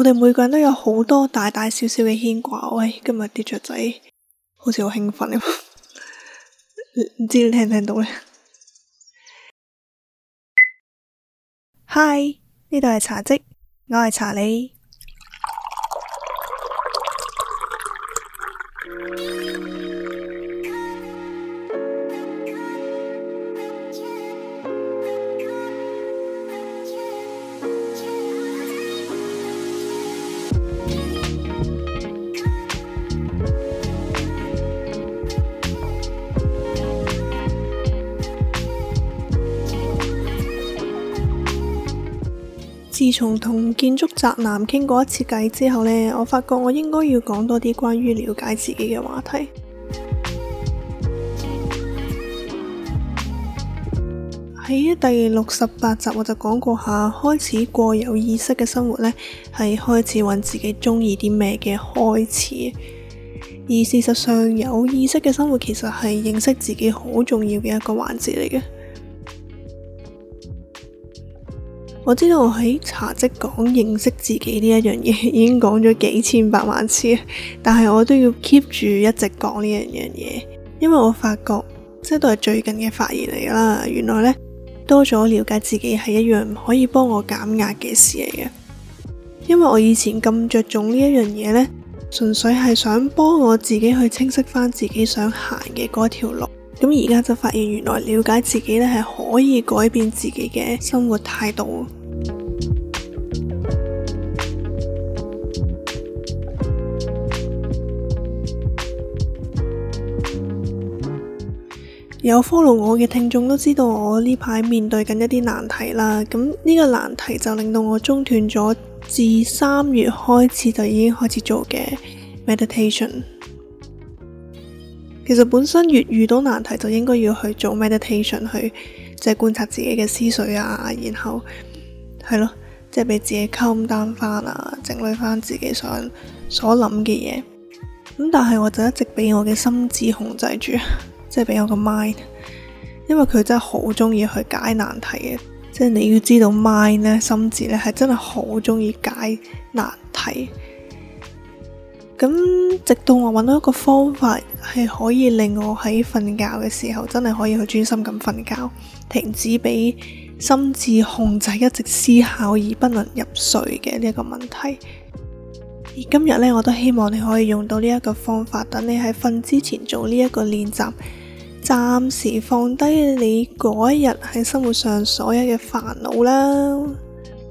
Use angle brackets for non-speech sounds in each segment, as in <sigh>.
我哋每個人都有好多大大小小嘅牽掛。喂、哎，今日啲雀仔好，好似好興奮咁。唔知你聽唔聽到呢？嗨，呢度係茶嘖，我係茶你。自從同建築宅男傾過一次偈之後呢，我發覺我應該要講多啲關於了解自己嘅話題。喺 <music> 第六十八集我就講過下，開始過有意識嘅生活呢係開始揾自己中意啲咩嘅開始。而事實上，有意識嘅生活其實係認識自己好重要嘅一個環節嚟嘅。我知道喺茶嘖講認識自己呢一樣嘢，已經講咗幾千百萬次，但係我都要 keep 住一直講呢樣嘢，因為我發覺，即係都係最近嘅發現嚟㗎啦。原來呢，多咗了解自己係一樣可以幫我減壓嘅事嚟嘅，因為我以前咁着重呢一樣嘢呢，純粹係想幫我自己去清晰翻自己想行嘅嗰條路。咁而家就發現原來了解自己呢係可以改變自己嘅生活態度。有 follow 我嘅聽眾都知道我呢排面對緊一啲難題啦，咁呢個難題就令到我中斷咗，自三月開始就已經開始做嘅 meditation。其實本身越遇到難題就應該要去做 meditation，去即係觀察自己嘅思緒啊，然後係咯，即係俾自己 calm down 翻啊，整理翻自己所想所諗嘅嘢。咁但係我就一直俾我嘅心智控制住。即係俾我個 mind，因為佢真係好中意去解難題嘅。即係你要知道 mind 咧，心智咧係真係好中意解難題。咁直到我搵到一個方法，係可以令我喺瞓覺嘅時候真係可以去專心咁瞓覺，停止俾心智控制一直思考而不能入睡嘅呢個問題。而今日咧，我都希望你可以用到呢一個方法，等你喺瞓之前做呢一個練習，暫時放低你嗰一日喺生活上所有嘅煩惱啦，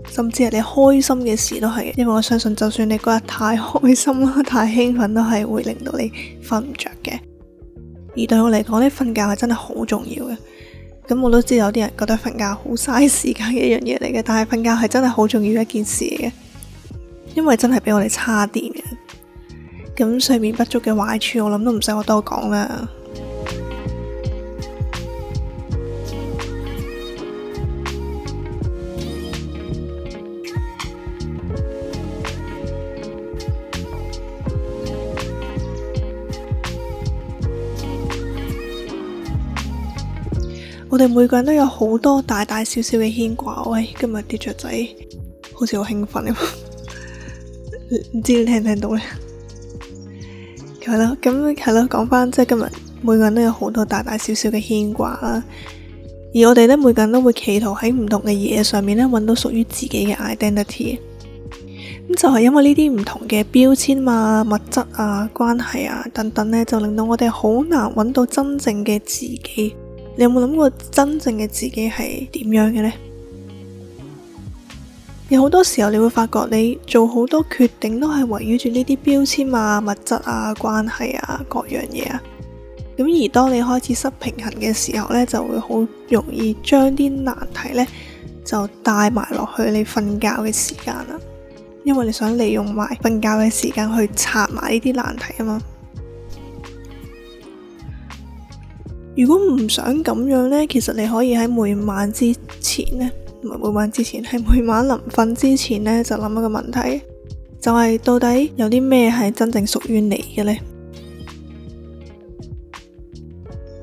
甚至係你開心嘅事都係，因為我相信就算你嗰日太開心啦、太興奮都係會令到你瞓唔着嘅。而對我嚟講，呢瞓覺係真係好重要嘅。咁我都知有啲人覺得瞓覺好嘥時間嘅一樣嘢嚟嘅，但係瞓覺係真係好重要一件事嘅。因為真係比我哋差啲嘅，咁睡眠不足嘅壞處，我諗都唔使我多講啦。我哋每個人都有好多大大小小嘅牽掛。喂、哎，今日啲雀仔好，好似好興奮咁。唔知你聽唔聽到咧？係 <laughs> 咯，咁係咯，講翻即係今日每個人都有好多大大小小嘅牽掛啦。而我哋咧，每個人都會企圖喺唔同嘅嘢上面咧，揾到屬於自己嘅 identity。咁就係因為呢啲唔同嘅標籤啊、物質啊、關係啊等等咧，就令到我哋好難揾到真正嘅自己。你有冇諗過真正嘅自己係點樣嘅呢？有好多時候，你會發覺你做好多決定都係圍繞住呢啲標籤啊、物質啊、關係啊、各樣嘢啊。咁而當你開始失平衡嘅時候呢，就會好容易將啲難題呢就帶埋落去你瞓覺嘅時間啦。因為你想利用埋瞓覺嘅時間去拆埋呢啲難題啊嘛。如果唔想咁樣呢，其實你可以喺每晚之前呢。唔係每晚之前，係每晚臨瞓之前呢，就諗一個問題，就係、是、到底有啲咩係真正屬於你嘅呢？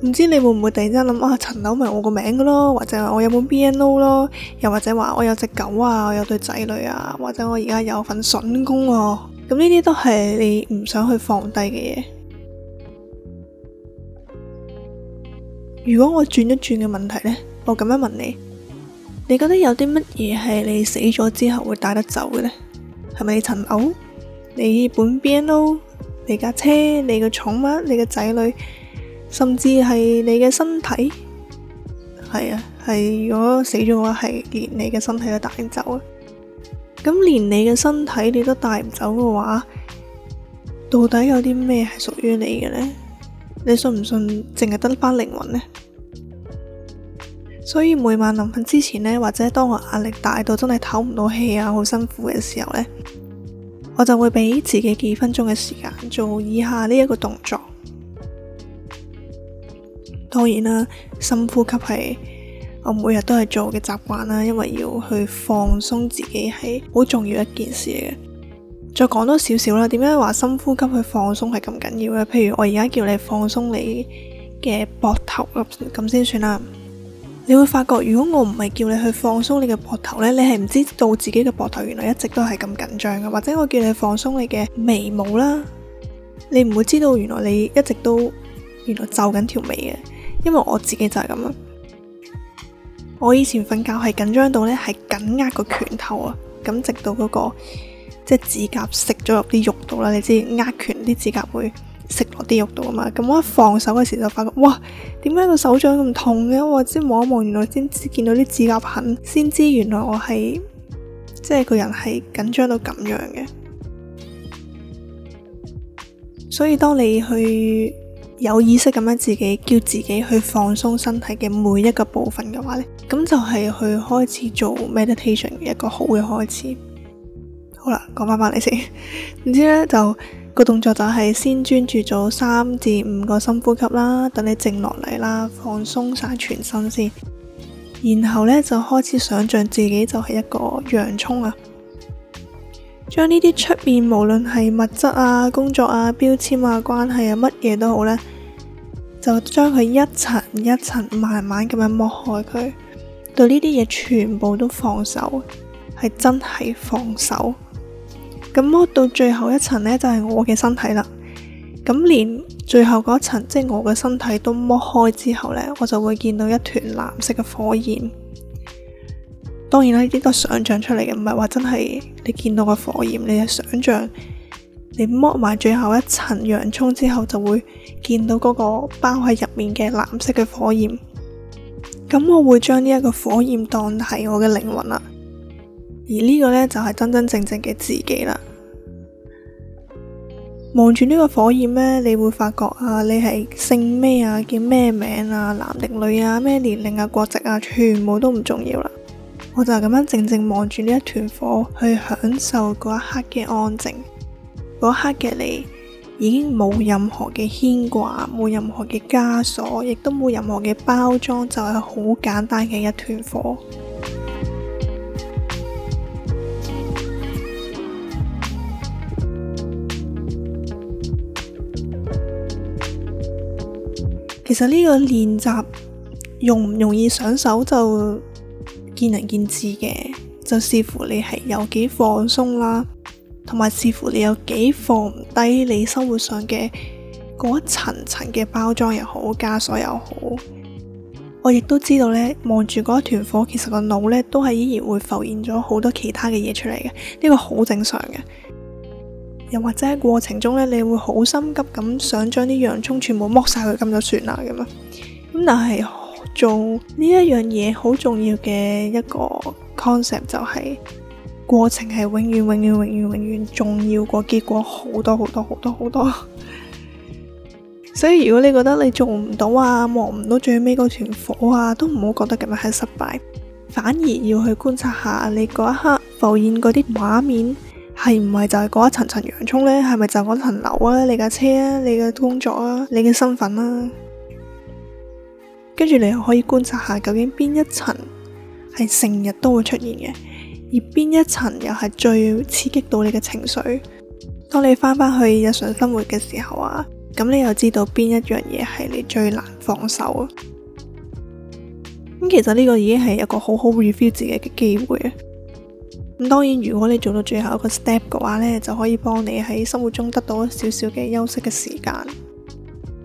唔知你會唔會突然間諗啊？層樓咪我個名嘅咯，或者話我有本 B N O 咯，又或者話我有隻狗啊，我有對仔女啊，或者我而家有份筍工喎，啊，咁呢啲都係你唔想去放低嘅嘢。如果我轉一轉嘅問題呢，我咁樣問你。你覺得有啲乜嘢係你死咗之後會帶得走嘅呢？係咪你層樓、你本 BNO、你架車、你個寵物、你個仔女，甚至係你嘅身體？係啊，係如果死咗嘅話，係連你嘅身體都帶唔走啊！咁連你嘅身體你都帶唔走嘅話，到底有啲咩係屬於你嘅呢？你信唔信淨係得返靈魂呢？所以每晚臨瞓之前呢，或者當我壓力大到真係唞唔到氣啊，好辛苦嘅時候呢，我就會俾自己幾分鐘嘅時間做以下呢一個動作。當然啦，深呼吸係我每日都係做嘅習慣啦，因為要去放鬆自己係好重要一件事嘅。再講多少少啦，點解話深呼吸去放鬆係咁緊要咧？譬如我而家叫你放鬆你嘅膊頭咁咁先算啦。你會發覺，如果我唔係叫你去放鬆你嘅膊頭呢，你係唔知道自己嘅膊頭原來一直都係咁緊張嘅。或者我叫你放鬆你嘅眉毛啦，你唔會知道原來你一直都原來皺緊條眉嘅。因為我自己就係咁啊，我以前瞓覺係緊張到呢，係緊握個拳頭啊，咁直到嗰個即係指甲食咗入啲肉度啦，你知握拳啲指甲會。食落啲肉度啊嘛，咁我一放手嘅時候就發覺，哇，點解個手掌咁痛嘅？我即望一望，原來先至見到啲指甲痕，先知原來我係即係個人係緊張到咁樣嘅。所以當你去有意識咁樣自己叫自己去放鬆身體嘅每一個部分嘅話呢，咁就係去開始做 meditation 嘅一個好嘅開始。好啦，講翻翻嚟先，唔知咧就。個動作就係先專注做三至五個深呼吸啦，等你靜落嚟啦，放鬆晒全身先，然後呢，就開始想象自己就係一個洋蔥啊，將呢啲出面無論係物質啊、工作啊、標籤啊、關係啊、乜嘢都好呢，就將佢一層一層慢慢咁樣剝開佢，對呢啲嘢全部都放手，係真係放手。咁剝到最後一層呢，就係我嘅身體啦。咁連最後嗰層，即係我嘅身體都剝開之後呢，我就會見到一團藍色嘅火焰。當然啦，呢啲都係想象出嚟嘅，唔係話真係你見到個火焰，你係想象你剝埋最後一層洋蔥之後，就會見到嗰個包喺入面嘅藍色嘅火焰。咁我會將呢一個火焰當係我嘅靈魂啦，而呢個呢，就係真真正正嘅自己啦。望住呢個火焰呢，你會發覺啊，你係姓咩啊，叫咩名啊，男定女啊，咩年齡啊，國籍啊，全部都唔重要啦。我就咁樣靜靜望住呢一團火，去享受嗰一刻嘅安靜。嗰刻嘅你，已經冇任何嘅牽掛，冇任何嘅枷鎖，亦都冇任何嘅包裝，就係好簡單嘅一團火。其實呢個練習容唔容易上手就見仁見智嘅，就視乎你係有幾放鬆啦，同埋視乎你有幾放唔低你生活上嘅嗰一層層嘅包裝又好枷鎖又好。我亦都知道呢，望住嗰一團火，其實個腦呢都係依然會浮現咗好多其他嘅嘢出嚟嘅，呢個好正常嘅。又或者喺過程中呢，你會好心急咁想將啲洋葱全部剝晒佢，咁就算啦咁啊！咁但係做呢一樣嘢好重要嘅一個 concept 就係、是、過程係永遠永遠永遠永遠重要過結果好多好多好多好多。多多多 <laughs> 所以如果你覺得你做唔到啊，望唔到最尾嗰團火啊，都唔好覺得咁樣係失敗，反而要去觀察下你嗰一刻浮現嗰啲畫面。係唔係就係嗰一層層洋葱呢？係咪就嗰層樓啊？你架車啊？你嘅工作啊？你嘅身份啊？跟住你又可以觀察下，究竟邊一層係成日都會出現嘅，而邊一層又係最刺激到你嘅情緒。當你翻返去日常生活嘅時候啊，咁你又知道邊一樣嘢係你最難放手啊？咁其實呢個已經係一個好好 review 自己嘅機會啊！咁當然，如果你做到最後一個 step 嘅話呢，就可以幫你喺生活中得到少少嘅休息嘅時間。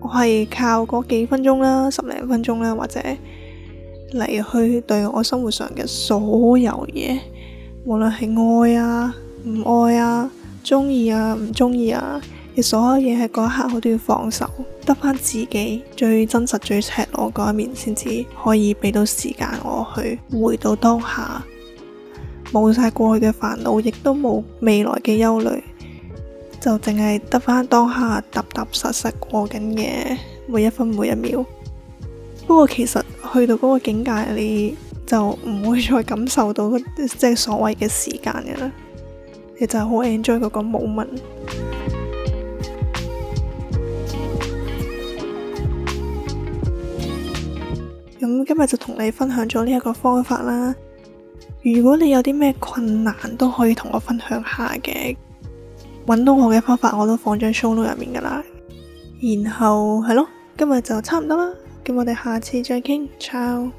我係靠嗰幾分鐘啦，十零分鐘啦，或者嚟去對我生活上嘅所有嘢，無論係愛啊、唔愛啊、中意啊、唔中意啊，嘅所有嘢，喺嗰一刻我都要放手，得返自己最真實、最赤裸嗰一面，先至可以俾到時間我去回到當下。冇晒過去嘅煩惱，亦都冇未來嘅憂慮， <noise> 就淨係得翻當下踏踏實實過緊嘅每一分每一秒。不過其實去到嗰個境界，你就唔會再感受到即係所謂嘅時間嘅啦，你就好 enjoy 嗰個 moment。咁 <noise> 今日就同你分享咗呢一個方法啦。如果你有啲咩困難都可以同我分享下嘅，揾到我嘅方法我都放喺 solo 入面㗎喇。然後係咯，今日就差唔多啦，咁我哋下次再傾，ciao。